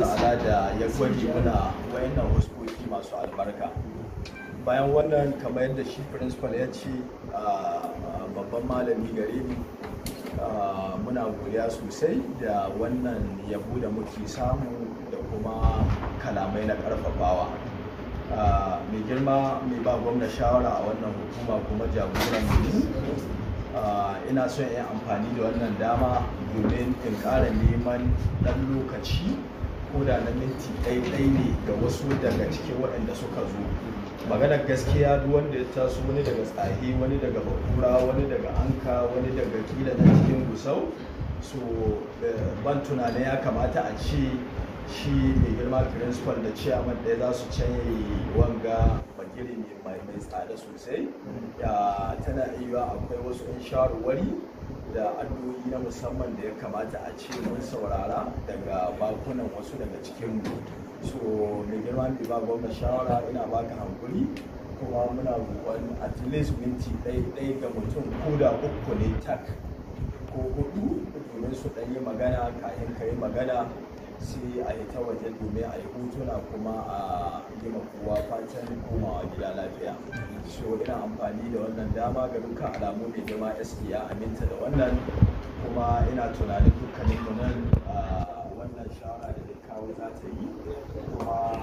ta'ala da ya gwaji muna wayannan huskoki masu albarka bayan wannan kamar yadda shi principal ya ce babban malami gare ni muna godiya sosai da wannan yabo da muke samu da kuma kalamai na karfafawa mai girma mai ba gwamna shawara a wannan hukuma kuma jagoran ina son yin amfani da wannan dama domin in kara neman ɗan lokaci ko da na minti ɗaya ne ga wasu daga cikin waɗanda suka zo maganar gaskiya duk wanda ya taso wani daga tsahi wani daga bakura wani daga anka wani daga kila na cikin gusau so eh, ban tunanin ya kamata a ce shi mai girma principal da ciyaman ɗaya za su canye wanga ne mai tsada sosai tana iya akwai wasu 'yan shawarwari da addu'o'i na musamman da ya kamata a ce mun saurara daga bakunan wasu daga cikin mu. so mai girma bi ba gwamna shawara ina baka hankuri kuma muna roƙon at least minti ɗaya ga mutum ko da uku ne tak ko hudu domin su ɗan yi magana kayan kayi magana sai a yi ta waje domin a yi hutuna kuma a yi kowa fatan komawa gida lafiya so ina amfani da wannan dama ga dukkan alamu mai jama sk ya aminta da wannan kuma ina tunanin dukkanin mu nan wannan shawara da kawo za ta yi kuma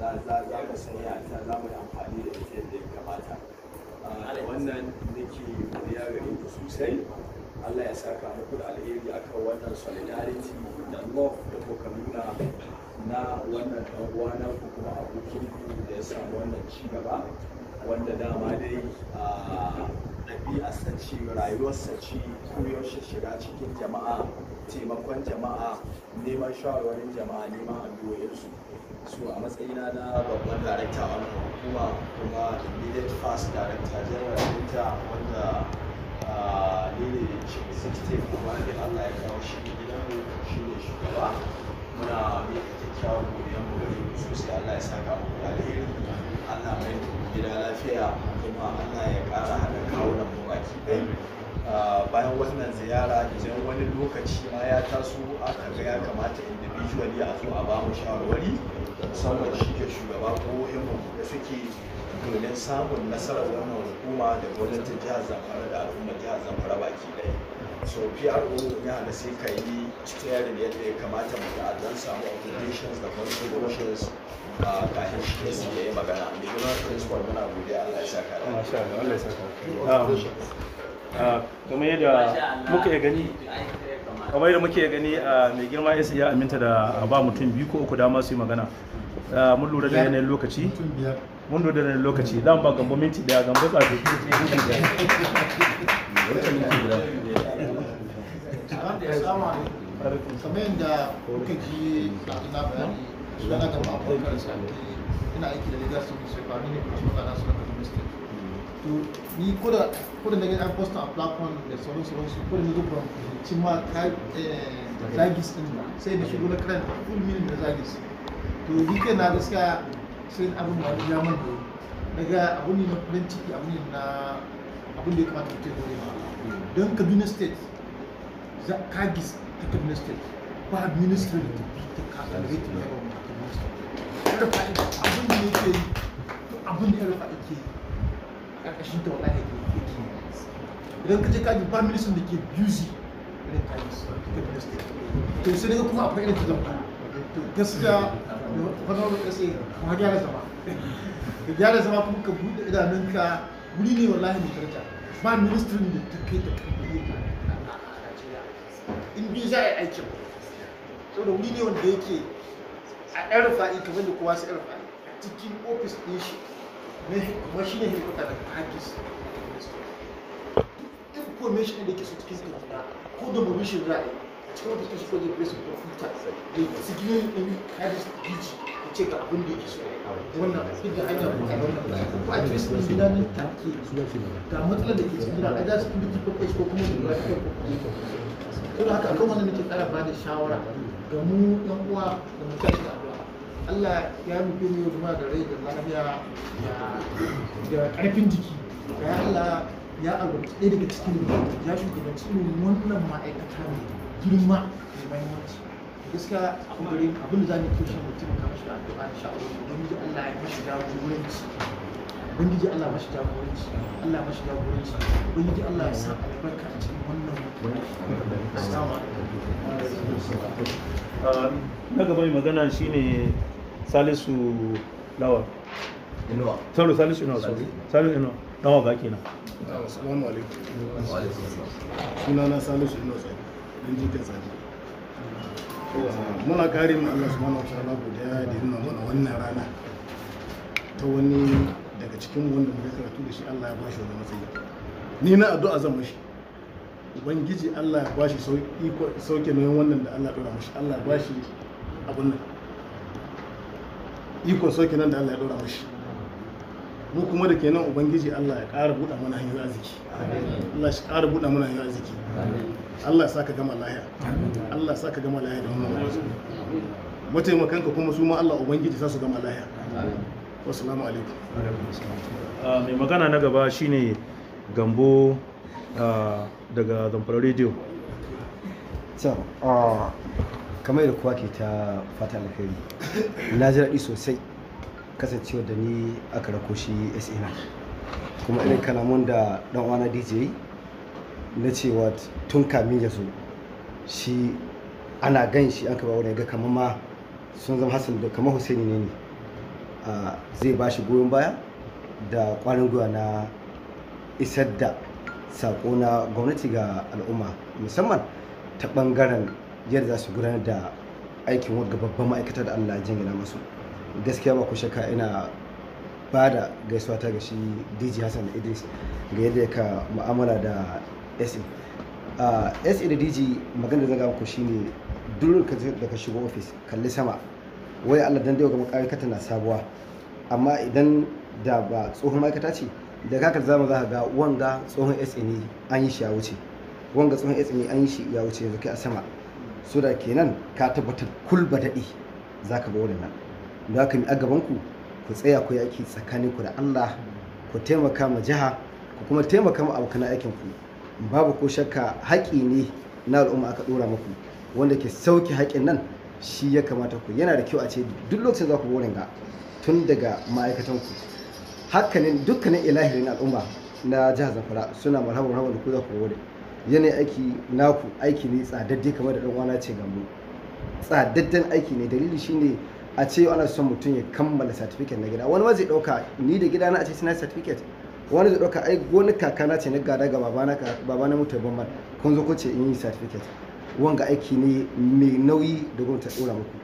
za a sanya ta za mu yi amfani da ita yadda ya kamata wannan nake godiya gare ku sosai Allah ya saka muku da alheri akan wannan solidarity taruwa da kuka nuna na wannan ɗan'uwana ko kuma abokin da ya samu wannan ci gaba wanda dama dai a ɗabi'arsa ce rayuwarsa ce koyaushe shiga cikin jama'a taimakon jama'a neman shawarwarin jama'a neman addu'o'insu so a matsayina na babban darakta wannan hukuma kuma immediate fas director general ɗinta wanda ne ne executive kuma da allah ya kawo shi shine shugaba muna mai kyakkyawan godiyan mu gare ku sosai Allah ya saka mu alheri Allah mai gida lafiya kuma Allah ya kara hada kawo da mu baki ɗaya ah, bayan wannan ziyara idan wani lokaci ma ya taso aka ga ya kamata individual a zo a ba mu shawarwari musamman shi ke shugaba ko yan da suke domin samun nasarar wannan hukuma da gwamnatin jihar zamfara da al'ummar jihar zamfara baki ɗaya so PRO ya hana sai ka yi steering yadda ya kamata mu da don samu obligations da contributions a kafin shi ne su yi magana mai gina principal muna Allah ya saka da masha Allah Allah ya kamar yadda muke gani kamar yadda muke gani mai girma ya ya aminta da ba mutum biyu ko uku dama su yi magana mun lura da yanayin lokaci mun lura da yanayin lokaci dan ba gambo minti daya gambo tsafi Assalamu alaikum. Kamar yadda kuka ji a bayani suna na gaba abokan ina aiki da legal service sai ba ne kuma suna nasu na kafin To ni ko da da nake an a platform da sauran sauran su ko da nake ban cin ma eh, zagis din sai da shigo na kran full meaning da zagis. To ni kai na gaskiya sai abin da ya man da daga abu ne na farin ciki ne na da ya kamata mutum ya ma. Don Kaduna State ka gis ita ministry ba ministry da ta bi ta kasa da rate mai yawan mata abin da yake yi abin da yar fa'i ke yi karkashin ta wallahi ke yi idan ka je ka ji ba ministry da ke busy irin ta yi ita ministry to sai daga kuma akwai irin ta zama to gaskiya wannan wani kasa ma gyara zama ka gyara zama kuma ka buɗe idanunka wuri ne wallahi mai karta ba ministry da ta kai ta kai in biyu za a yi aikin da wuri ne wanda yake a ɗan rufa'i kamar da kowa su ɗan rufa'i a cikin ofis ɗin shi kuma shi ne hekuta da hakis information Kuma da ke so cikin kaduna ko da murmushin za a yi a cikin ofis ɗin shi ko da place da sigilin ɗin hadis pg da ce ga abin da yake so wannan duk da hanyar kuka wannan ko a cikin ɗin gida ne take ga matsalar da ke cikin gida a da su ɗin da ke ko kuma da lafiya ko kuma don haka kan wanda muke tsara ba da shawara ga mu yan uwa da mutum da Allah ya rufe yau kuma da rai da lafiya da ƙarfin jiki ga Allah ya albarci ɗaya daga cikin ya shugabanci irin wannan ma'aikata ne girma mai mahimmanci gaskiya abin da za mu yi kyau shi mutum kamar shi addu'a insha Allah don Allah ya mashi jagoranci ubangiji Allah mashi jagoranci Allah mashi jagoranci ubangiji Allah ya sa albarka a cikin wannan um, na gaba mai magana shine salisu lawa inuwa salisu inuwa sauri salisu inuwa dawa ba kenan assalamu alaikum sunana salisu inuwa sauri dan jikin sani muna kare mu Allah subhanahu wa ta'ala godiya da nuna mana wannan rana ta wani daga cikin wanda muka karatu da shi Allah ya bashi wani matsayi ni na addu'a zan mashi ubangiji Allah ya bashi sauke ne wannan da Allah ya dora mashi Allah ya bashi abun nan iko sauke nan da Allah ya dora mashi mu kuma da kenan ubangiji Allah ya ƙara buɗa mana hanyoyin arziki Allah shi ƙara buɗa mana hanyoyin arziki Allah sa ka gama lahiya Allah sa ka gama lahiya da wannan mataimakanka kuma su ma Allah ubangiji sa su gama lahiya wasalamu alaikum ah, mai magana na gaba shine gambo ah, daga zamfara radio ah, kamar da kuwa ke ta fata alheri na ji daɗi sosai kasancewa da ni aka rako shi sna kuma irin kalamun da ɗan dj na cewa tun kamin ya zo shi ana gan shi an ba wani ga kamar ma sun zama hassan da kamar husaini ne ne zai bashi goyon baya da kwarin gwiwa na isar da sako na gwamnati ga al'umma musamman ta bangaren yadda za su gudanar da aikin wadda babban ma'aikata da allah jingina masu gaskiya ba ku shakka ina ba da gaisuwa ta ga shi dj hassan idris ga yadda ya ka mu'amala da se se da dj magana da ku shine duk da ka shigo ofis kalli sama wai Allah dan dai ga ma'aikata na sabuwa amma idan da ba tsohon ma'aikata ce da kaka zamu za ga wanga tsohon SNE an yi shi ya wuce wanga tsohon SNE an yi shi ya wuce yanzu kai a sama su da kenan ka tabbatar kul ba daɗi za ka ba nan da ka mi a gaban ku ku tsaya ku yaki tsakanin ku da Allah ku taimaka ma jiha ku kuma taimaka ma abokan aikin ku babu ko shakka haƙi ne na al'umma aka ɗora muku wanda ke sauke haƙin nan shi ya kamata ku yana da kyau a ce duk lokacin za ku wurin ga tun daga ma'aikatan ku hakanin dukkanin ilahirin al'umma na jihar zamfara suna marhaba marhaba da ku za ku wurin yanayin aiki naku aiki ne tsadadde kamar da ɗan ce gambo tsadadden aiki ne dalili shine a ce ana son mutum ya kammala certificate na gida wani ma zai ɗauka ni da gida na a ce suna certificate wani zai ɗauka ai gonar kakana ce na gada ga babana mutu mutu ban kun zo kuce ce in yi certificate wanga aiki ne mai nauyi da gwamnati ta dora muku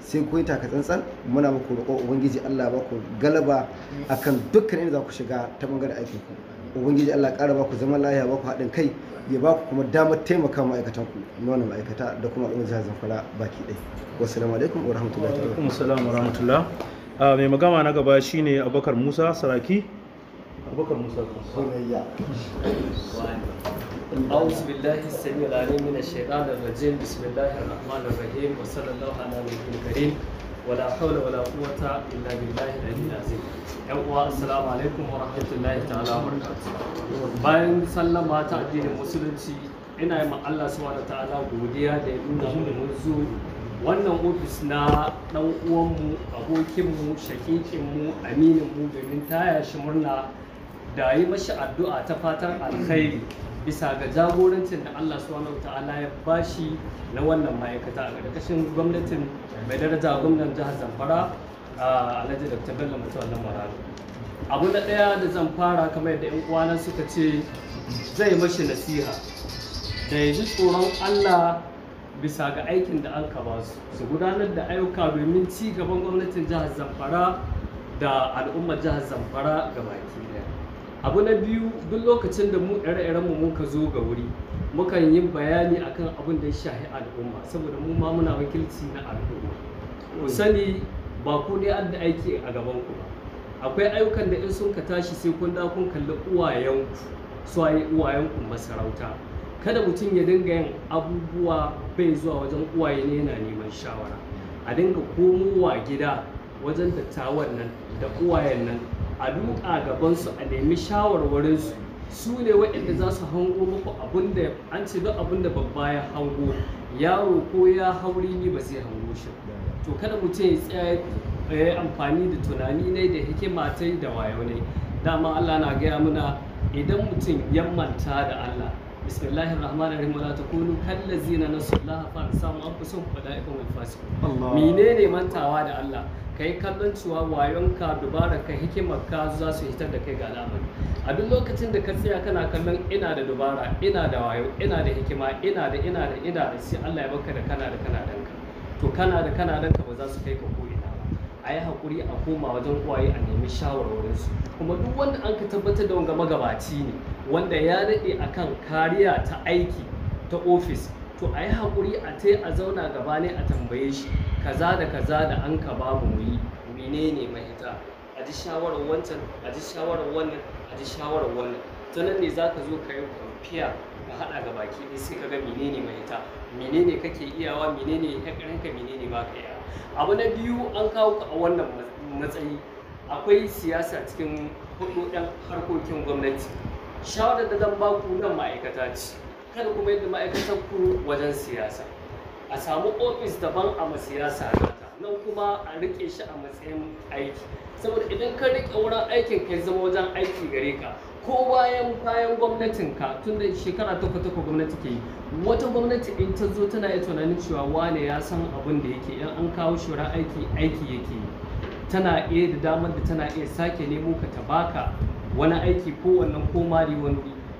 sai ku yi taka tsantsan muna muku roƙo ubangiji Allah ba ku galaba akan dukkan inda za ku shiga ta bangaren aikin ku ubangiji Allah ƙara ba ku zaman lafiya ba ku haɗin kai ya ba ku kuma damar taimaka ma'aikatan ku nuna ma'aikata da kuma al'umma jihar Zamfara baki ɗaya wassalamu alaikum wa rahmatullahi wa alaikum assalam wa rahmatullah mai magana na gaba shine Abubakar Musa Saraki Abubakar Musa Saraki أعوذ بالله السميع العليم من الشيطان الرجيم بسم الله الرحمن الرحيم وصلى الله على نبينا الكريم ولا حول ولا قوة إلا بالله العلي العظيم ‘yan uwa assalamu alaikum wa rahmatullahi ta'ala wa bayan sallama ta addinin musulunci ina yi Allah subhanahu ta'ala godiya da ya nuna mu mun zo wannan ofis na dan uwanmu abokinmu shakikinmu aminin mu domin taya shi murna da yi mashi addu'a ta fatan alkhairi bisa ga jagorancin da Allah subhanahu ta'ala ya bashi na wannan ma'aikata a ƙarƙashin gwamnatin mai daraja gwamnan jihar Zamfara a Alhaji Dr. Bello Mutuwar Marado. Abu na ɗaya da zan fara kamar yadda 'yan uwana suka ce zai mashi nasiha da ya ji tsoron Allah bisa ga aikin da an ba su su gudanar da ayyuka domin ci gaban gwamnatin jihar Zamfara da al'ummar jihar Zamfara ga baki ɗaya. abu na biyu duk lokacin da mu ire mu muka zo ga wuri mukan yi bayani akan abin da ya shahi al'umma saboda mu ma muna wakilci na al'umma ku sani ba ku dai adda aiki a gaban ku ba akwai ayyukan da in sun ka tashi sai kun da kun kalli uwayenku yi uwayenku masarauta kada mutum ya dinga yin abubuwa bai zuwa wajen uwaye ne yana neman shawara a dinga komowa gida wajen dattawan nan da uwayen nan a duka gabansu a nemi shawarwarinsu su ne waɗanda za su hango muku abinda an ce duk abin babba ya hango yaro ko ya hauri ni ba zai hango shi to kada mutum ya tsaya ya eh, amfani da tunani ne da hikima ta da wayo ne dama Allah na gaya muna idan mutum ya manta da Allah بسم الله الرحمن الرحيم ولا تكونوا كالذين نسوا الله فانساهم انفسهم فاولئك هم الفاسقون menene mantawa da Allah kai kallon cewa wayonka dubararka hikimarka za su hitar da kai ga alamar a duk lokacin da ka tsaya kana kallon ina da dubara ina da wayo ina da hikima ina da ina da ina da sai Allah ya baka da kana da kana danka to kana da kana danka ba za su kai ka ko a yi haƙuri a koma wajen uwaye a nemi shawarwarinsu kuma duk wanda an ka tabbatar da wanga magabaci ne wanda ya daɗe akan kariya ta aiki ta ofis to a yi haƙuri a ta a zauna gaba ne a tambaye shi kaza da kaza da an ka babu mu yi ne mahita a ji shawarar wancan a ji shawarar wannan a ji shawarar wannan ta nan ne za ka zo ka yi kwamfiya ka haɗa ga baki ne sai ka ga ne mahita ne kake iyawa ne ya ƙaranka ne ba ka yi abu na biyu an kawo ka a wannan matsayi akwai siyasa cikin hudu ɗan harkokin gwamnati shawarar da zan ba ku nan ma'aikata ce kada kuma yadda ma'aikatar ku wajen siyasa a samu ofis daban a ma siyasa nata nan kuma a rike shi a matsayin aiki saboda idan ka rike wurin aikin kai zama wajen aiki gare ka ko bayan bayan gwamnatin ka tun da shekara kwata ko gwamnati ke yi wata gwamnati in ta zo tana yi tunanin cewa wane ya san abin da yake in an kawo shura aiki aiki yake tana iya da damar da tana iya sake nemo ka ta baka wani aiki ko wannan ko mari wani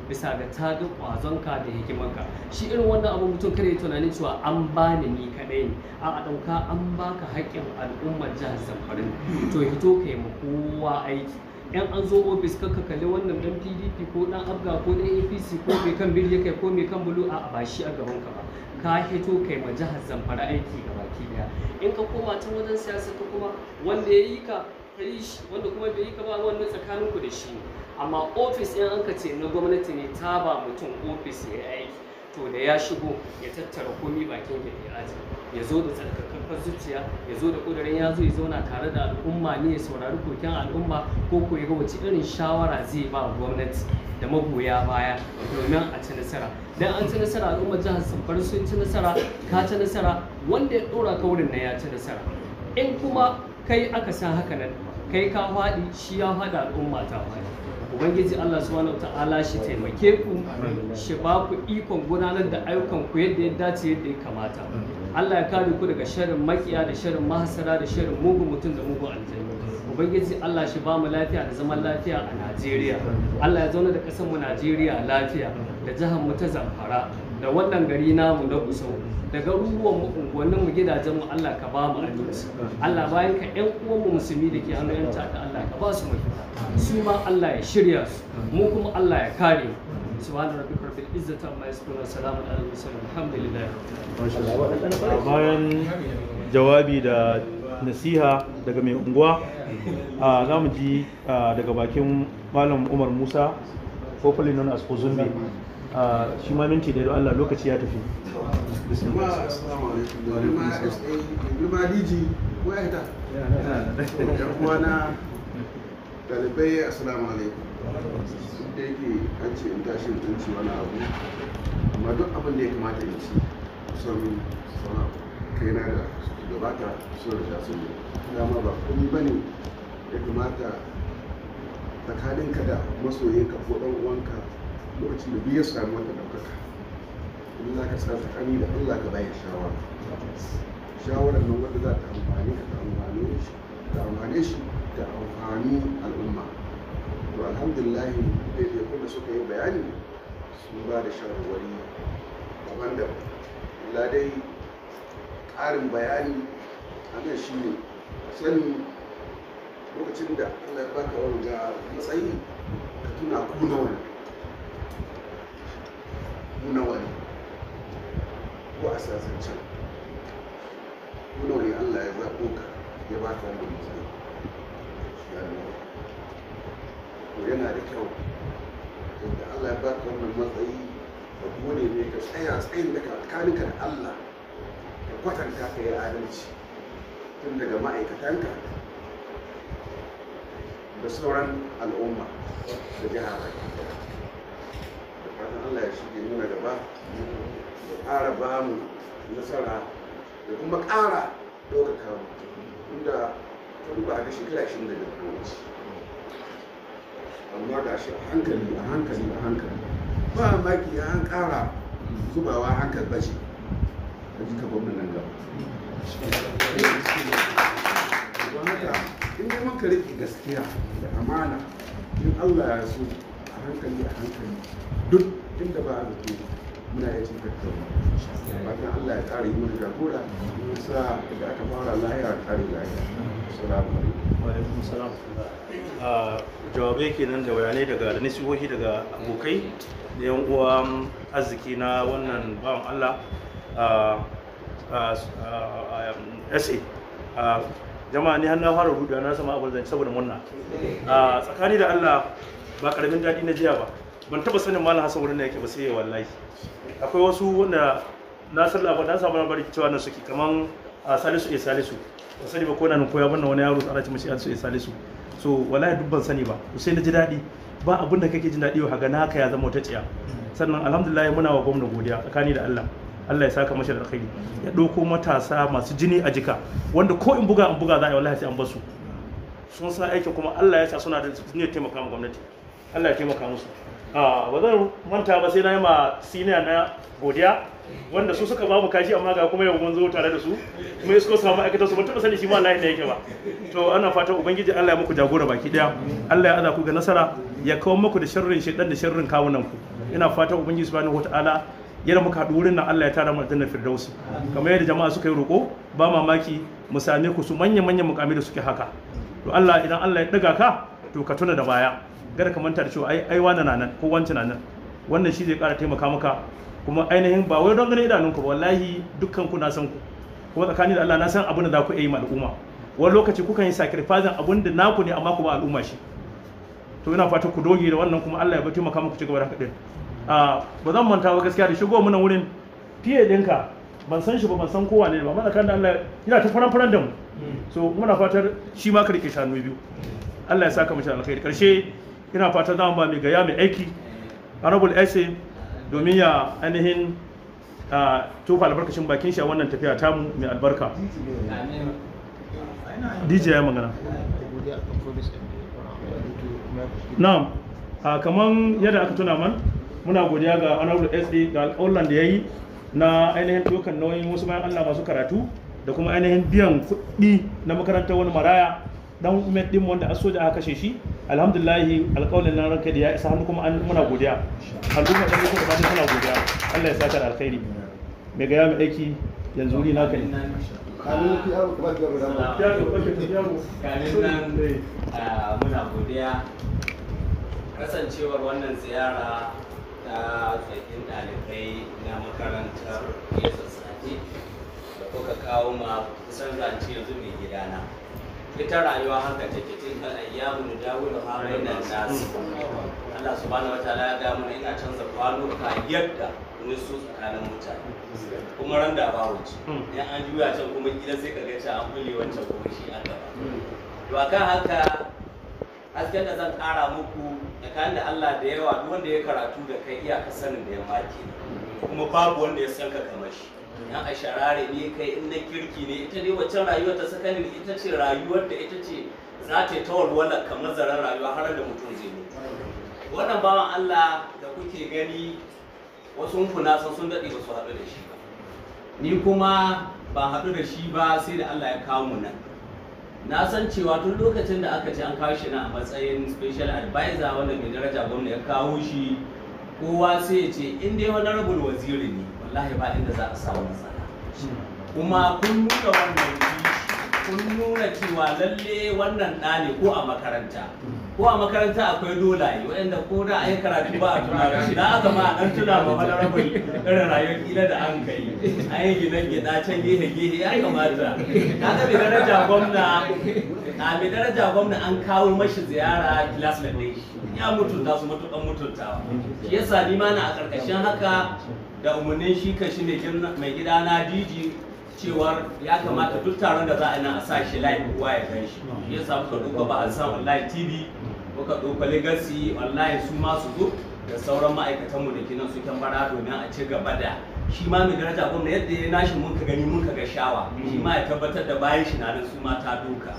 bisa ga ta ga kwazonka da hikimanka shi irin wannan abin mutum kare tunanin cewa an bani ni kaɗai ne a a ɗauka an baka haƙƙin al'ummar jihar zamfarin to hito ka yi kowa aiki yan an zo ofis ka kalli wannan dan pdp ko dan abga ko dan apc ko mai kan biri kai ko mai kan bulu a ba shi a gaban ka ba ka hito kai ma jihar zamfara aiki ga baki daya in ka koma can wajen siyasa ka kuma wanda ya yi ka kai shi wanda kuma bai yi ka ba wannan tsakanin ku da shi amma ofis yan an ka ce na gwamnati ne ta ba mutum ofis ya aiki to da ya shigo ya tattara komi bakin da ya aji ya zo da tsarkaka karɓar zuciya ya zo da ƙudurin ya zo ya zauna tare da al'umma ne ya saurari koken al'umma ko ko ya wace irin shawara zai ba gwamnati da magoya baya domin a ci nasara dan an ci nasara al'umma jihar sanfar sun ci nasara ka ci nasara wanda ya ɗora ka wurin na ya ci nasara in kuma kai aka sa haka nan kai ka faɗi shi ya faɗi al'umma ta faɗi ubangiji Allah subhanahu ta'ala shi taimake ku shi ba ku ikon gudanar da ayyukan ku yadda ya dace yadda ya kamata Allah ya kare ku daga sharrin makiya da sharrin mahasara da sharrin mugun mutum da mugun aljanna ubangiji Allah shi ba mu lafiya da zaman lafiya a Najeriya Allah ya zauna da ƙasar mu Najeriya lafiya da jihar mu ta Zamfara da wannan gari namu na busau da garuruwan mu unguwannin mu gidajen mu Allah ka ba mu aminci Allah bayan ka ƴan uwan mu musulmi da ke hannu ƴan ta'adda Allah ka ba su mafita su ma Allah ya shirya su mu kuma Allah ya kare mu سبحان ربك رب العزة عما wa وسلام على المرسلين bayan jawabi da nasiha daga mai unguwa za mu ji daga bakin malam umar musa hopefully known as kozumbi shi ma minti da Allah lokaci ya tafi dalibai assalamu alaikum da yake an ce in tashi in ci wani abu amma duk abin da ya kamata in ci kusan sana kai na da gabata sun da sun yi dama ba kuma bane ya kamata tsakaninka da masoyinka ko ɗan uwanka lokacin da biyar ya samu wata ɗaukaka in za ka sa tsakani da allah ka bayan shawara shawarar nan wanda za ta amfani da ta amfani shi ta shi ta amfani al'umma to alhamdulillah ɗaiɗaikun da suka yi bayani sun ba da shawarwari daban da ladai ƙarin bayani a nan shi ne sani lokacin da allah ya baka wani ga matsayi ka tuna ku na wani nuna wani, ko a sasancen ko wani allah ya zaɓo ka ya ba ka wani mutum ya to yana da kyau yadda allah ya ba ka wani matsayi ka gode ne ka tsaya tsayin da tsakaninka da allah ka kwatanta ka yi adalci tun daga ma'aikatanka da sauran al'umma da jihar allah ya shige nuna gaba ya ƙara ba mu nasara da kuma ƙara ɗaukaka mu inda ta duba a ga shekara shi da da amma ga shi a hankali a hankali a hankali ba maki an ƙara zubawa hankali bace a jika gwamnan nan gaba don haka in muka riƙe gaskiya da amana in allah ya so hankali a hankali duk inda ba a zato muna iya cin tattauna bakin allah ya ƙara yi mana jagora sa da aka fara lahira a ƙari lahiya salamu alaikum salam a jawabai kenan da bayanai daga da nasihohi daga abokai da yan uwa arziki na wannan bawan allah sa jama'a ni har na fara rubuta na sama abin zance saboda murna tsakani da allah ba karamin daɗi na jiya ba ban taba sanin malam hasan wurin da yake ba sai wallahi akwai wasu wanda na san labar na samu labarin cewa nan suke kaman ah, a salisu e salisu ba sani ba ko nan koya wannan wani yaro ci ce an su e salisu so wallahi duk ban sani ba sai na ji daɗi ba abin da kake jin daɗi wa ga naka ya zama wata tsiya sannan alhamdulillah muna wa gwamna godiya tsakani da Allah Allah ya saka mashi da alkhairi ya ɗauko matasa masu jini a jika wanda ko in buga in buga za a yi wallahi sai an basu sun sa aikin kuma Allah ya sa suna da ne taimaka ma gwamnati Allah ya taimaka musu ba zan manta ba sai na yi ma siniya na godiya wanda su suka ba mu amma ga kuma yau mun tare da su kuma isko samu aikata su ba taba sani shi ma Allah ya yake ba to ana fata ubangiji Allah ya muku jagora baki daya Allah ya aza ku ga nasara ya kawo muku da sharrin shedan da sharrin kawunan ku ina fata ubangiji subhanahu wataala yadda muka haɗu wurin nan Allah ya tara mu aljannar firdausi kamar yadda jama'a suka yi roko ba mamaki mu same ku su manya manyan mukamai da suke haka to Allah idan Allah ya daga ka to ka tuna da baya gada ka manta da cewa ai wani na nan ko wancan nan wannan shi zai ƙara taimaka maka kuma ainihin ba wai don ganin idanun ba wallahi dukkan ku na san ku kuma tsakani da Allah na san abin da za ku yi ma al'umma wani lokaci ku kan yi sacrifice abin da naku ne amma ku ba al'umma shi to ina fata ku doge da wannan kuma Allah ya bata taimaka ci cigaba da haka din ah, ba zan manta ba gaskiya da shigo mu nan wurin fiye dinka ban san shi ba ban san kowa ne ba mana kan da Allah yana ta faran faran da mu hmm. so muna fatar shi ma ka rike shanu biyu Allah ya saka mu shi alkhairi karshe ina fata za ba mai gaya mai aiki honorable essay domin ya ainihin tufa albarkacin bakin shi a wannan tafiya tamu mai albarka dj ya magana na'am kamar yadda aka tuna man muna godiya ga honorable essay ga alkawalan da ya yi na ainihin tokan nauyin wasu mayan allah masu karatu da kuma ainihin biyan kuɗi na makarantar wani maraya dan umar din wanda aso da aka kashe shi alhamdulillahi alƙawalin nan ranka da ya isa hannu kuma muna godiya al'umma da muke kuma tana godiya Allah ya saka da alkhairi mai gaya mu aiki yanzu ni naka ne kanin nan eh, muna godiya kasancewar wannan ziyara ta tsakin dalibai na makarantar Yesu yesus da kuka kawo ma kusan zance yanzu mai gidana ita rayuwa haka take tilkal ayyamu da dawilu ha bainan nas Allah subhanahu wataala ya ga mana ina canza kwanuka yadda wani su tsakanin mutane kuma ran da ba wuce in an juya can kuma kila sai ka ga ta an kulle wancan kuma shi an gaba to akan haka hasken da zan kara muku tsakanin da Allah da yawa duk wanda ya karatu da kai iyaka sanin da ya maki kuma babu wanda ya san ka kamar shi yan a sharare ne kai in na kirki ne ita ne waccan rayuwa ta sakanin ita ce rayuwar da ita ce za ta yi ta walwala kamar zaran rayuwa har da mutum zai mutu wannan bawan Allah da kuke gani wasu kuna san sun dade ba su haɗu da shi ba ni kuma ba haɗu da shi ba sai da Allah ya kawo mu nan na san cewa tun lokacin da aka ce an kawo shi na a matsayin special advisor wanda mai daraja gwamna ya kawo shi kowa sai ya ce in dai wani rabul waziri ne wallahi ba inda za a samu matsala hmm. kuma kun nuna wannan kun nuna cewa lalle wannan ɗa ne ko a makaranta ko a makaranta akwai dolaye waɗanda ko da a yi karatu ba a tuna shi Da aka ma an tuna ma wani rabin irin rayuwar kila da an kai an yi gidan gida can gehe gehe ya kamata na ga mai daraja gwamna a mai daraja gwamna an kawo mashi ziyara class da ya mutunta su matukan mutuntawa shi yasa ni ma na a ƙarƙashin haka da umarnin shi kan shi mai gida na diji cewar ya kamata duk taron da za a nan a sa shi live kowa ya gan shi ya samu ka duka ba a san online tv ka duka legacy online su ma su zo da sauran ma'aikatan mu da nan su kan bara domin a ci gaba da shi ma mai daraja gwamna yadda ya nashi mun ka gani mun ka ga shawa shi ma ya tabbatar da bayan shi na nan su ma ta duka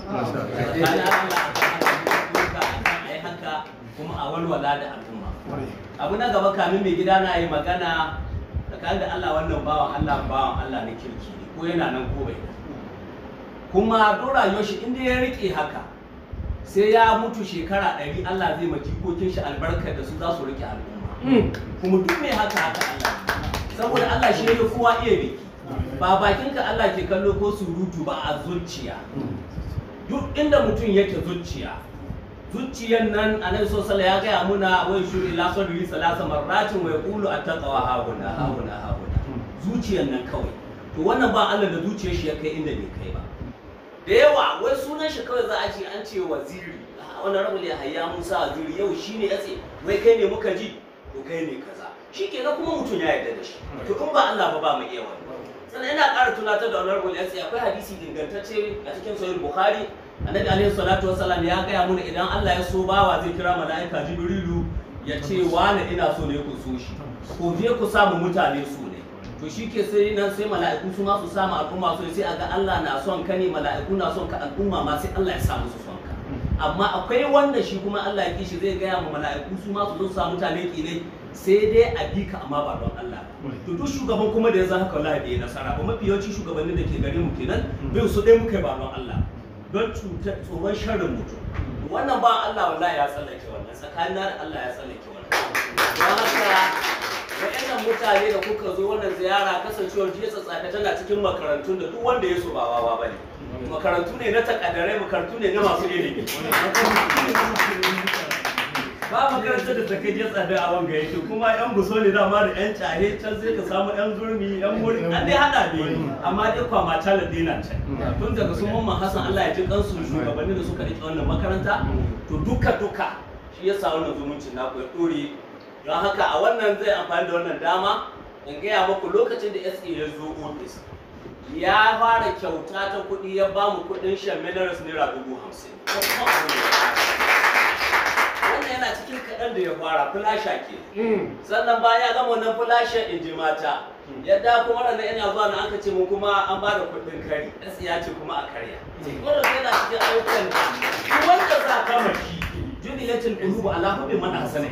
kuma a walwala da al'umma abu na gaba kamin mai gida na yi magana tsakanin da Allah wannan bawan Allah bawan Allah na kirki ne ko yana nan ko bai kuma dora yoshi inda ya rike haka sai ya mutu shekara ɗari Allah zai maki kokin shi albarkar da su za su rike al'umma hmm. kuma duk mai haka haka Allah saboda Allah shi ne kowa iya biki ba bakin ka Allah ke kallo ko surutu ba a zuciya hmm. duk inda mutum yake zuciya zuciyan nan so sala ya gaya muna wai shuri la sabili salasa marratin wa yaqulu attaqwa guna ha guna zuciyan nan kawai to wannan ba Allah da zuciyar shi ya kai inda bai kai ba da yawa wai sunan shi kawai za a ce an ce waziri wannan rabul ya hayya Musa waziri yau shine ya ce wai kai ne muka ji to kai ne kaza shi ga kuma mutum ya yarda da shi to in ba Allah ba ba mu iya wani sannan ina ƙara tunatar da wannan rabul ya ce akwai hadisi dingantacce a cikin sahih Bukhari annabi alaihi salatu wassalam ya gaya mana idan Allah ya so bawa zai kira mala'ika jibrilu ya ce wani ina so ne ku so shi ko je ku samu mutane su ne to shi ke sai nan sai mala'iku su ma su samu al'umma so sai aga Allah na son ka ne mala'iku na son ka al'umma ma sai Allah ya samu su son ka amma akwai wanda shi kuma Allah ya kishi zai gaya ma mala'iku su ma su zo samu mutane ki ne sai dai a bi ka amma ba don Allah to duk shugaban kuma da ya zaka wallahi bai nasara ba mafi yawancin shugabannin da ke gare mu kenan bin su dai muka ba don Allah don cutar tsoron sharrin mutum wannan ba Allah wallahi ya tsallake wannan tsakanin da Allah ya tsallake wannan don haka wayannan mutane da kuka zo wannan ziyara kasancewar jesa tsaka tana cikin makarantun da duk wanda ya so ba wawa bane makarantu ne na takadarai makarantu ne na masu ilimi ba makarantar da ta kai je tsada a wanga yake kuma yan buso ne dama da yan cahe can sai ka samu yan zurmi yan muri an dai hada ne amma dai kwama ta can tun daga su mamman hassan allah ya ji kansu shugabanni da suka rike wannan makaranta to duka duka shi ya sa wannan zumuncin na ya dore don haka a wannan zai amfani da wannan dama in gaya muku lokacin da sa ya zo ofis ya fara kyauta ta kuɗi ya ba mu kuɗin shan minerals naira dubu hamsin yana cikin kaɗan da ya fara fulasha ke mm. sannan baya gama wannan fulashin in ji mata mm. yadda kuma wannan yana zuwa na aka ce mu kuma an ba da kuɗin kari ya ce kuma a karya mm. wannan yana cikin ayyukan wanda za ka mashi judiyatul qulub ala hubbi man ahsana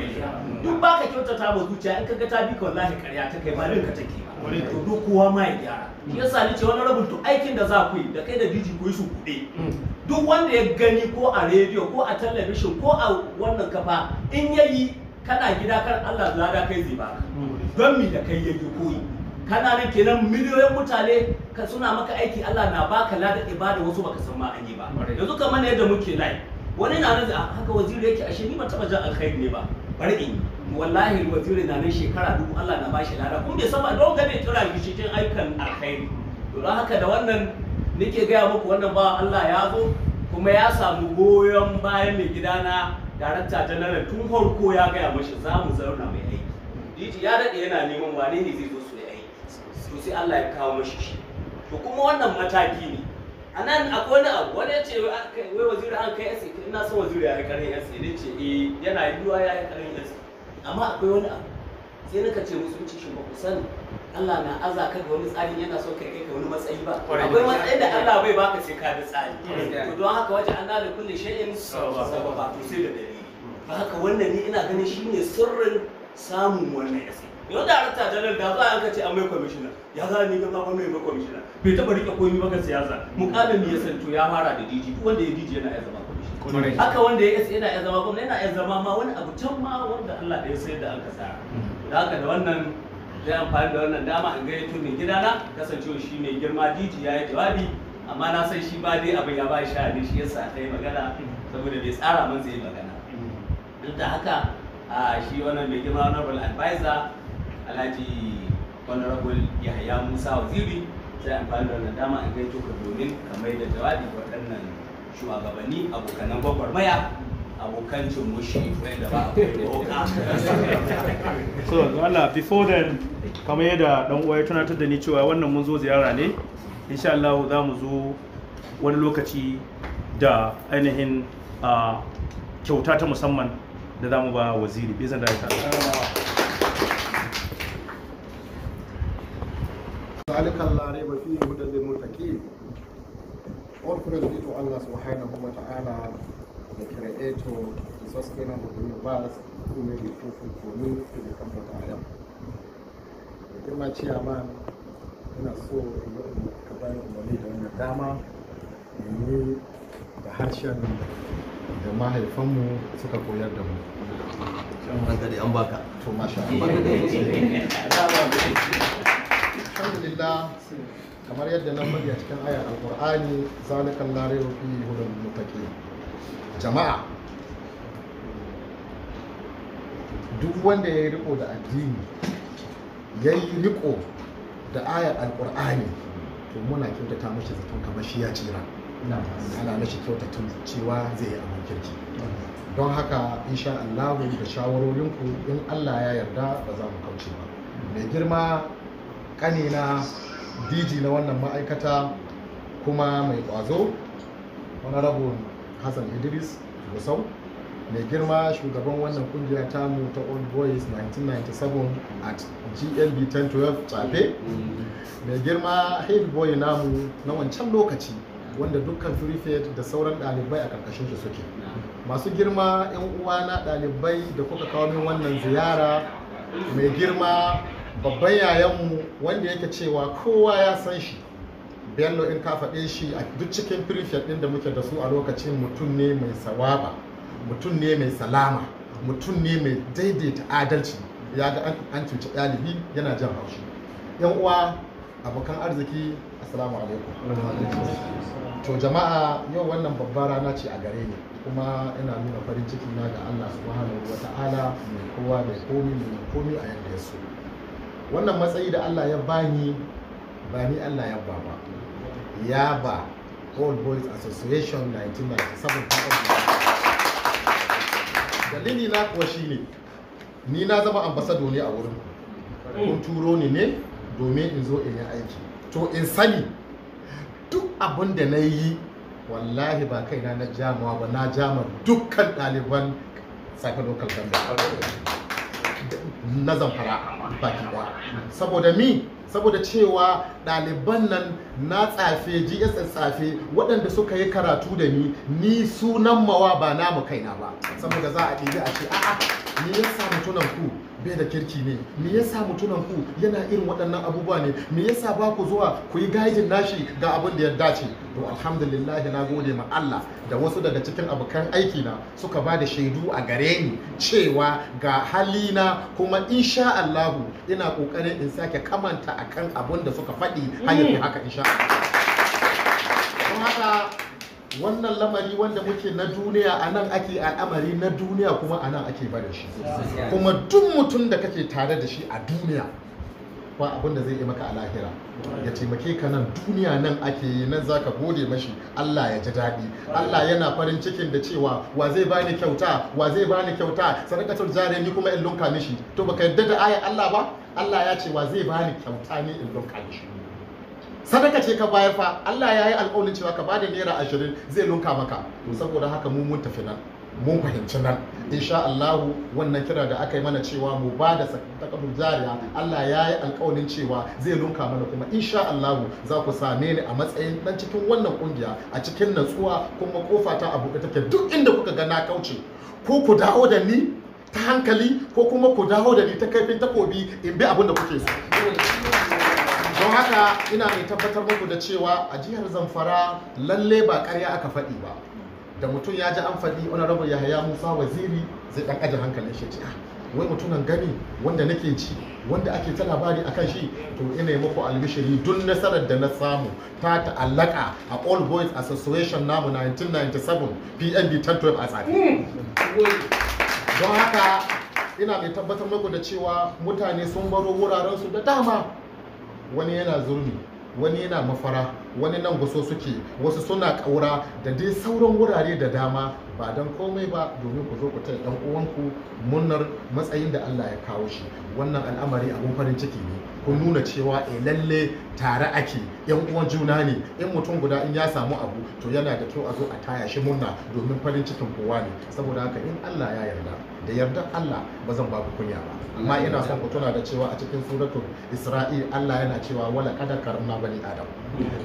duk baka kyautata ba zuciya in kaga ta bi ka wallahi karya ta kai ba rinka take to duk kowa ma ya gyara shi yasa ni ce wani rabin to aikin da za ku yi da kai da diji ku yi su kuɗe mm. duk wanda ya gani ko a rediyo ko a talabishin ko a wannan kafa in ya yi kana gida kan Allah lada kai zai ba mm. don mi da kai ya yi koyi kana nan kenan miliyoyin mutane ka suna maka aiki Allah na baka lada ibada wasu baka san ma an yi ba yanzu kamar yadda muke live wani na nan ah, haka waziri yake ashe ni ban taba jin alkhairi ne ba bari in yi wallahi alwaziri na nan shekara dubu Allah na bashi lada kun bai saba don gane tura shi cikin aikan alkhairi to don haka da wannan nake gaya muku wannan ba Allah ya zo kuma ya samu goyon bayan mai gidana darakta janaral tun farko ya gaya mashi za mu zauna mai aiki diji ya daɗe yana neman wane ne zai zo su yi aiki to sai Allah ya kawo mashi shi to kuma wannan mataki ne a nan akwai wani abu wani ya ce wai waziri an kai yasi ina son waziri ya yi ƙarfin yasi ne ce eh yana duwa ya yi ƙarfin yasi amma akwai wani abu sai naka ce wuce shi sani Allah na aza ka ga wani tsari yana so kai kai ka wani matsayi ba akwai matsayin da Allah bai baka sai ka da tsari to don haka waje an da kulli shay'in sababa to sai da dalili haka wannan ni ina ganin shine sirrin samun wannan yasi yau da arta janar da za a ce an mai ya za ni ga babban mai commissioner bai taba rike komai ba ga siyasa mukamin ya santo ya fara da DG wanda ya DG yana ya zama haka wanda ya isa yana ya zama gwamna yana ya zama ma wani abu can ma wanda Allah ya sayar da aka sa hmm. da haka da wannan zai amfani da wannan dama in gayyato gida gidana kasancewa shi ne girma diji ya yi jawabi amma na san shi ba dai abin ya ba shi ne shi yasa ta yi magana saboda bai tsara man zai yi magana hmm. duk da haka a shi wannan mai girma honorable advisor alhaji honorable yahaya musa waziri sai amfani da wannan dama in gaito tunin domin ka mai da jawabi waɗannan shugabanni abokanan gwagwarmaya abokan cimushi wanda ba a so wala before then kamar yadda dan uwa ya tunatar da ni cewa wannan mun zo ziyara ne insha Allah za mu zo wani lokaci da ainihin ah, kyauta ta musamman da za mu ba waziri zan da ya So it's just new verse who made it fruitful for me to become what I am. my chairman, ina so in yi ka bayan da wannan dama in da harshen da mahaifanmu suka koyar da mu. To masha Alhamdulillah kamar yadda nan bari a cikin ayar alƙur'ani zalikan larewa fi hudan mutaqi. Jama'a duk wanda ya yi riko da addini ya yi riko da ayar alkur'ani to muna kyautata mashi zaton kamar shi ya tsira ana mashi kyautata cewa zai yi abin kirki don haka in sha Allahu da shawarorinku in Allah ya yarda ba za mu kauce ba mai girma kanina diji na wannan ma'aikata kuma mai kwazo wani rabon hassan idris Musau. mai girma shugaban wannan kungiya mu ta old boys 1997 at glb 1012 tsafe mai girma head boy namu na wancan lokaci wanda dukkan prefect da sauran ɗalibai a ƙarƙashin shi suke masu girma 'yan uwana ɗalibai da kuka kawo min wannan ziyara mai girma babban yayanmu wanda yake cewa kowa ya san shi bello in ka faɗe shi a duk cikin prefect ɗin da muke da su a lokacin mutum ne mai sawaba mutum ne mai salama mutum ne mai daidaita adalci ya ga an cuci ɗalibi yana jan haushi yan uwa abokan arziki assalamu alaikum to jama'a yau wannan babbar rana ce a gare ni kuma yana nuna farin ciki na ga Allah subhanahu wata'ala mai kowa mai komi mai komi a yadda ya so wannan matsayi da Allah ya bani bani Allah ya ba ba ya ba All Boys Association 1997 dalili na kuwa shi ne, ni na zama ambasado ne a wurin kun turo ni ne domin in zo in yi aiki to in sani duk abin da na yi wallahi ba kaina na jamawa ba na jama dukkan ɗaliban psychological government na zamfara baki daya saboda mi saboda cewa ɗaliban nan na tsafe gss tsafe waɗanda suka yi karatu da ni ni sunan mawa ba namu kaina ba saboda za a ɗibi a ce a'a ni yasa mutunan ku bai da kirki ne me yasa mutunan ku yana irin waɗannan abubuwa ne me yasa ba ku zuwa ku yi gajin nashi ga abin da ya dace to alhamdulillah na gode ma Allah da wasu daga cikin abokan aiki na suka ba da shaidu a gare ni cewa ga halina kuma insha Allah ina kokarin in sake kamanta akan abin da suka faɗi har haka insha Allah wannan lamari wanda muke na duniya a nan ake al'amari na duniya kuma a nan ake da shi kuma duk mutum da kake tare da shi a duniya ba abin da zai yi maka a lahira ya taimake ka nan duniya nan ake yi nan zaka gode mashi Allah ya ji daɗi Allah yana farin cikin da cewa wa zai bani kyauta wa zai bani kyauta sadaqatul jariya ni kuma in lunka mishi to baka yadda da ayi Allah ba Allah ya ce wa zai bani kyauta ni in lunka mishi sadaka ce ka bayar fa Allah ya yi alƙawarin cewa ka bada naira ashirin zai lunka maka to saboda haka mu mun tafi nan mun fahimci nan insha Allah wannan kira da aka yi mana cewa mu ba da takardun jariya Allah ya yi alƙawarin cewa zai lunka mana kuma insha Allah za ku same ni a matsayin dan cikin wannan kungiya a cikin natsuwa kuma kofa ta abu take duk inda kuka ga na kauce ko ku dawo da ni ta hankali ko kuma ku dawo da ni ta kaifin takobi in bi abin da kuke so don haka ina mai tabbatar muku da cewa a jihar zamfara lalle ba karya aka faɗi ba da mutum ya ji an faɗi ya yahaya musa waziri zai ɗan ajin hankalin shi ce ah, wai mutumin gani wanda nake ci wanda ake ta labari a kan shi to ina yi muku albishiri dun nasarar da na samu ta ta'allaka a all boys association namu 1997 pnb 1012 a tsari don haka ina mai tabbatar muku da cewa mutane sun baro wuraren su da dama wani yana zurmi wani yana mafara wani nan guso suke wasu suna ƙaura da dai sauran wurare da dama ba don komai ba domin ku zo ku taya dan uwanku munnar matsayin da Allah ya kawo shi wannan al'amari abun farin ciki ne kun nuna cewa e lalle tare ake yan uwan juna ne in mutum guda in ya samu abu to yana da kyau a zo a taya shi munna domin farin cikin kowa ne saboda haka in Allah ya yarda da yarda Allah ba zan babu kunya ba amma ina son ku tuna da cewa a cikin suratul Isra'il Allah yana cewa wala kada karna bani adam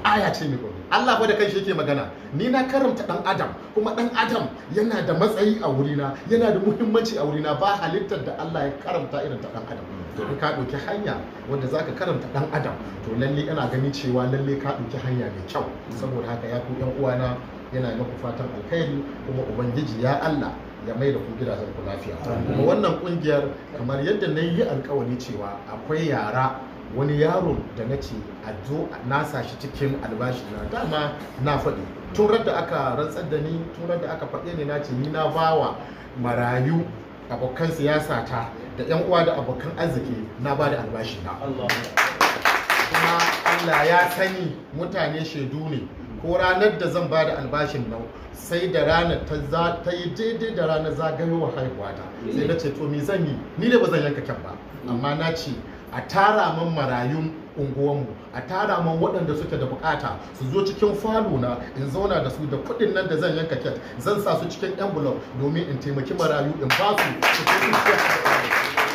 aya ce mai Allah bada da kai shi yake magana ni na karanta dan adam kuma dan adam yana da matsayi a wurina yana da muhimmanci a wurina ba halittar da Allah ya karanta irin ta dan adam to ka ɗauki hanya wanda zaka karanta dan adam to lalle ina gani cewa lalle ka dauki hanya mai kyau saboda haka ya ku yan uwana yana muku fatan alkhairi kuma ubangiji ya Allah ya mai da ku gidajen ku lafiya kuma wannan kungiyar kamar yadda na yi alkawari cewa akwai yara wani yaro da na ce a zo na sashi cikin albashi na dama na faɗi turar da aka rantsar da ni turar da aka faɗe ne na ce ni na bawa marayu abokan siyasa ta da yan uwa da abokan arziki na ba da albashi na kuma Allah ya sani mutane shaidu ne ko ranar da zan ba da albashin nau, sai da ranar ta yi daidai da ranar haihuwa ta. sai na ce to me zan yi ni da ba zan yanka kyan ba amma na ce a tara man marayun unguwanmu a tara man waɗanda suke da bukata su zo cikin falo na in zauna da su da kuɗin nan da zan yanka kek zan sa su cikin envelope domin in taimaki marayu in ba su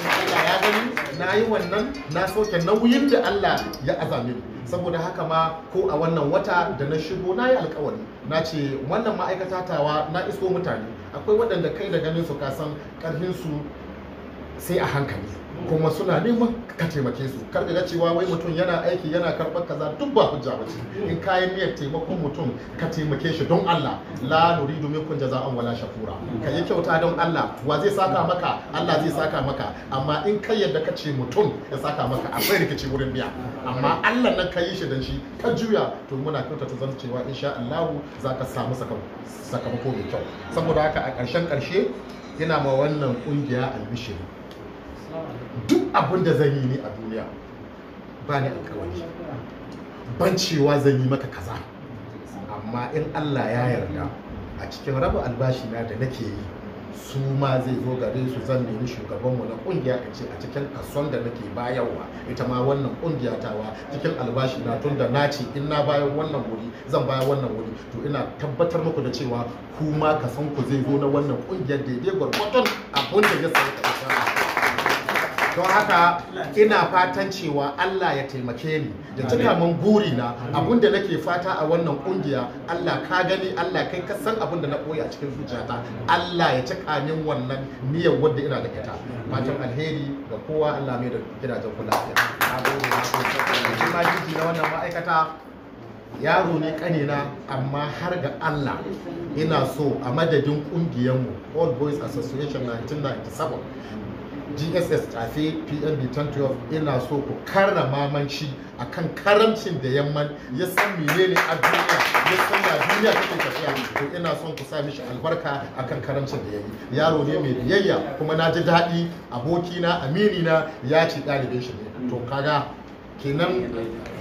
Allah ya gani na yi wannan na soke nauyin da Allah ya azame saboda haka ma ko a wannan wata da na shigo na yi alkawari na ce wannan ma'aikata tawa na iso mutane akwai waɗanda kai da ganin su kasan ƙarfinsu sai a hankali kuma suna neman ka taimake su kar da cewa wai mutum yana aiki yana karɓar kaza duk ba hujja ba ce in kayan niyyar taimakon mutum ka taimake shi don Allah la nuridu minkum jaza'an wala shakura ka yi kyauta don Allah wa zai saka maka Allah zai saka maka amma in kai yadda ka ce mutum ya saka maka akwai rikici wurin biya amma Allah nan ka yi shi dan shi ka juya to muna kyautata zan cewa insha Allah za ka samu sakamako mai kyau saboda haka a ƙarshen ƙarshe yana ma wannan ƙungiya albishiri duk abin da zan yi ne a duniya ba ni alkawari ban cewa zan yi maka kaza amma in Allah ya yarda a cikin raba albashi na da nake yi su ma zai zo gare su zan nemi shugabanmu na kungiya a ce a cikin kason da nake bayarwa ita ma wannan kungiya tawa cikin albashi na tun da na ce in na bayar wannan wuri zan bayar wannan wuri to ina tabbatar muku da cewa ku kuma kason ku zai zo na wannan kungiyar daidai gwargwadon abin da ya sayi don haka ina fatan cewa Allah ya taimake ni da cika mun buri na abinda nake fata a wannan kungiya Allah ka gani Allah kai ka san abinda na koyi a cikin zuciyata Allah ya cika min wannan niyyar wadda ina da ita fatan alheri ga kowa Allah mai da gidajen kula lafiya na wannan ma'aikata yaro ne kanina amma har ga Allah ina so a madadin kungiyarmu All Boys Association 1997 dss tafe pnb 1012 ina so ku karrama mamanci akan karamcin da yamman ya san menene a duniya ya san da duniya take tafiya to ina son ku sa mishi albarka akan karamcin da yayi yaro ne mai biyayya kuma na ji daɗi abokina aminina ya ce ɗalibin shi ne to kaga kenan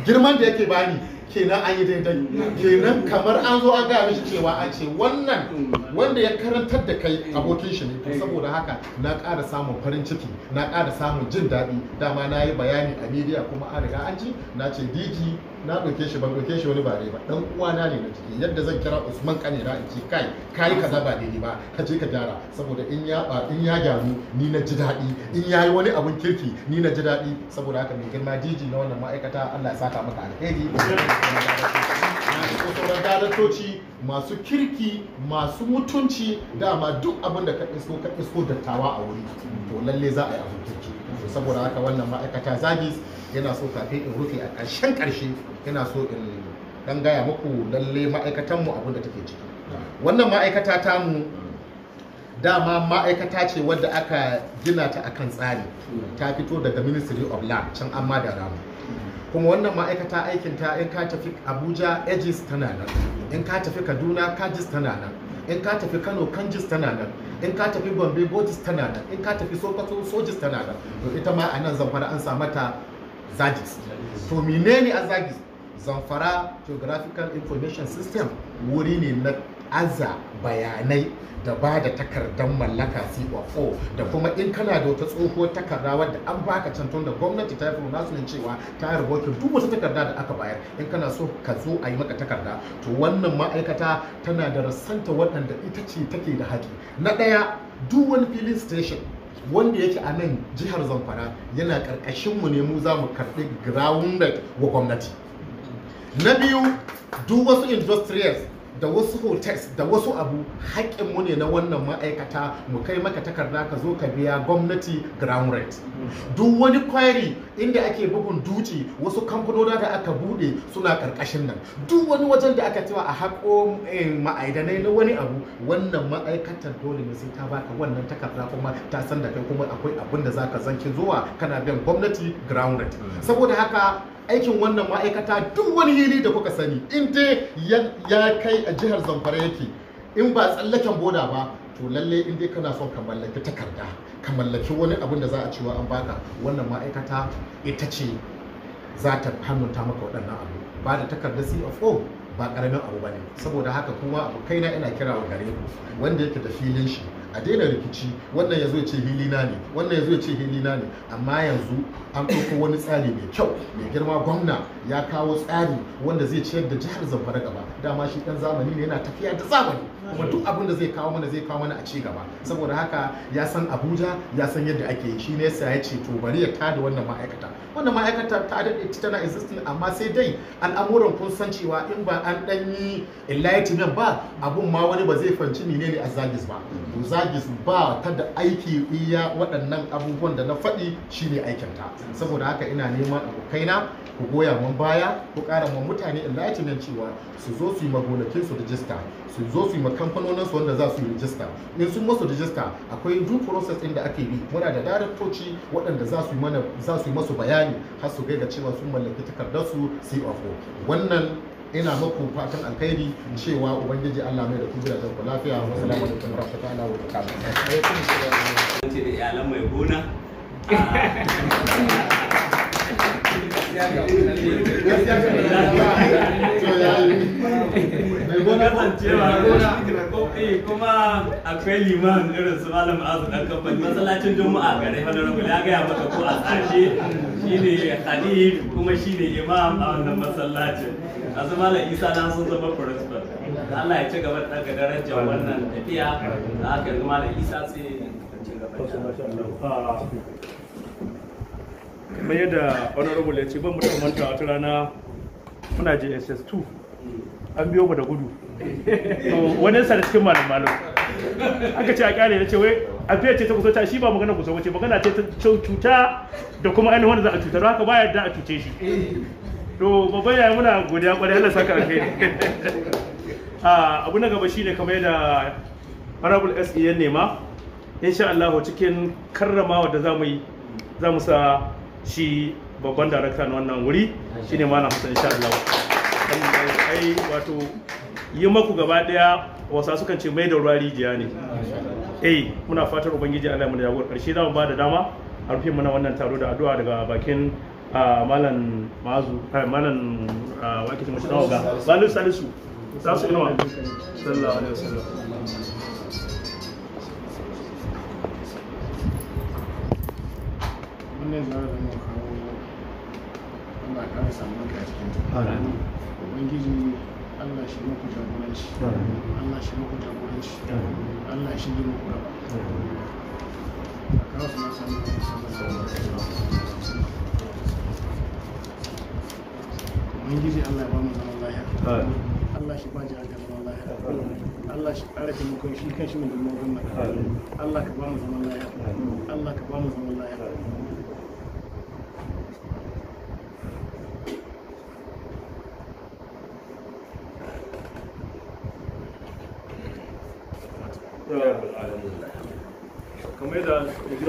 girman da yake bani kenan an yi daidai kenan kamar an zo an gaya shi cewa a ce wannan wanda ya karantar da kai abokin shi ne saboda haka na kara samun farin ciki na ƙara samun jin daɗi dama na yi bayani a media kuma an riga an ji na ce dg na ɗauke shi ban ɗauke shi wani ba dai ba ɗan uwana ne na ciki yadda zan kira Usman Kane na in ce kai kai kaza ba daidai ba ka je ka gyara saboda in ya ba in ya gyaru ni na ji daɗi in yayi wani abun kirki ni na ji daɗi saboda haka mai girma dg na wannan ma'aikata Allah ya saka maka alheri sauran daraktoci masu kirki masu mutunci dama duk abin da ka isko ka isko dattawa a wuri to lalle za a yi abin kirki saboda haka wannan ma'aikata zagis yana so kafin in rufe a ƙarshen ƙarshe yana so in dan gaya muku lalle ma'aikatanmu abin da take ciki wannan ma'aikata mu dama ma'aikata ce wadda aka gina ta akan tsari ta fito daga ministry of land can amma da ramu kuma wannan ma'aikata aikin ta in ka tafi abuja ejis tana nan in ka tafi kaduna kajis tana nan in ka tafi kano kanjis tana nan in ka tafi gombe botis tana nan in ka tafi sokoto sojis tana nan to ita ma a nan zamfara an sa mata zagis to menene a zagis zamfara geographical information system wuri ne na aza bayanai da ba da takardar mallaka CFO da kuma in kana da wata tsoho takarda wadda an baka can tun da gwamnati ta yi pronouncement cewa ta rubuta duk wasu takarda da aka bayar in kana so ka zo a yi maka takarda to wannan ma'aikata tana da rasanta waɗanda ita ce take da haƙi na ɗaya duk wani filin station wanda yake a nan jihar zamfara yana ƙarƙashin mu ne mu za mu karɓi grounded wa gwamnati na biyu duk wasu industrials da wasu hotels da wasu abu mu ne na wannan ma'aikata mu kai maka takarda ka zo ka biya gwamnati ground rent duk wani kwari inda ake bugun duci wasu kamfanona da aka bude suna ƙarƙashin nan duk wani wajen da aka cewa a haƙo eh, ma'aidanai na wani abu wannan ma'aikatar dole ne sai ta baka wannan takarda kuma ta san da kai kuma akwai abin da zaka zanki zuwa kana biyan gwamnati ground rent mm. saboda haka aikin wannan ma'aikata duk wani hili da kuka sani in dai ya kai a jihar zamfara yake in ba tsallaken boda ba to lalle in dai kana son ka mallaki takarda ka mallaki wani abin da za a cewa an baka wannan ma'aikata ita ce za ta hannunta maka waɗannan abu ba da takarda CFO ba ƙaramin abu ba ne saboda haka kuma abokaina ina kira wa gare ku wanda yake da filin shi a daina rikici wannan ya zo ce hilina ne wannan ya zo ce hilina ne amma yanzu an ɗauko wani tsari mai kyau mai girma gwamna ya kawo tsari wanda zai ciyar da jihar zamfara gaba dama shi ɗan zamani ne yana tafiya da zamani kuma duk abin da zai kawo mana zai kawo mana a ci gaba saboda haka ya san abuja ya san yadda ake yi shi ne yasa ya ce to bari ya tada wannan ma'aikata wannan ma'aikata ta daɗe ta tana existing amma sai dai al'amuran kun san cewa in ba an ɗan yi enlightenment ba abun ma wani ba zai fanci ne a zagis ba to zagis ba ta da aiki iya waɗannan abubuwan da na faɗi shine aikin ta saboda haka ina neman abokaina ku goya mun baya ku ƙara mun mutane enlightenment cewa su zo su yi magonakin su rijista su zo su yi kamfanonin su wanda za su yi in sun masu rijista akwai due process inda ake bi muna da daraktoci waɗanda za su yi mana za su yi masu bayani har su ga cewa sun mallaki takardar su CFO wannan ina muku fatan alkhairi cewa ubangiji Allah mai da ku gidajen ku lafiya wa salamu alaikum wa rahmatullahi wa barakatuh ce da iyalan mai gona Yeah, kun kasancewa eh, kuma akwai liman irin su malam azu dan kamfani masallacin juma'a gare honorable ya gaya maka ko a tsashe shine khalid kuma shine imam a wannan masallacin azu malam isa na sun zama principal Allah ya ci gaba da daga darajar wannan tafiya da aka yi malam isa sai ci gaba ah. kamar yadda honorable ya ce ban mutum manta wata rana muna jss 2 an biyo mu da gudu to wani sa cikin malam malam aka ce a kyale na ce wai afiya ce ta ta shi ba magana kusa ce magana ce ta cuta da kuma ainihin wanda za a cutar haka ba yadda a cuce shi to babba ya muna godiya kwarai Allah saka a abu na gaba shine kamar yadda honorable SE ya nema insha Allah cikin karramawa da zamu yi zamu sa shi babban darakta na wannan wuri shine malam Hassan insha Allah ai wato yi maku gaba daya wasa sukan ce mai da ruwa rijiya ne eh, muna fatar ubangiji Allah mu da karshe zamu ba da dama a rufe mana wannan taro da addu'a daga bakin malam da kawo ubangiji Allah shi muku jagoranci Allah shi muku jagoranci Allah shi yi muku raba su masu ubangiji Allah ya ba mu zaman lahiya Allah shi ba ji zaman lahiya Allah shi ƙara shi kan shi mai Allah ka ba mu zaman lahiya Allah ka ba mu zaman lahiya Gracias.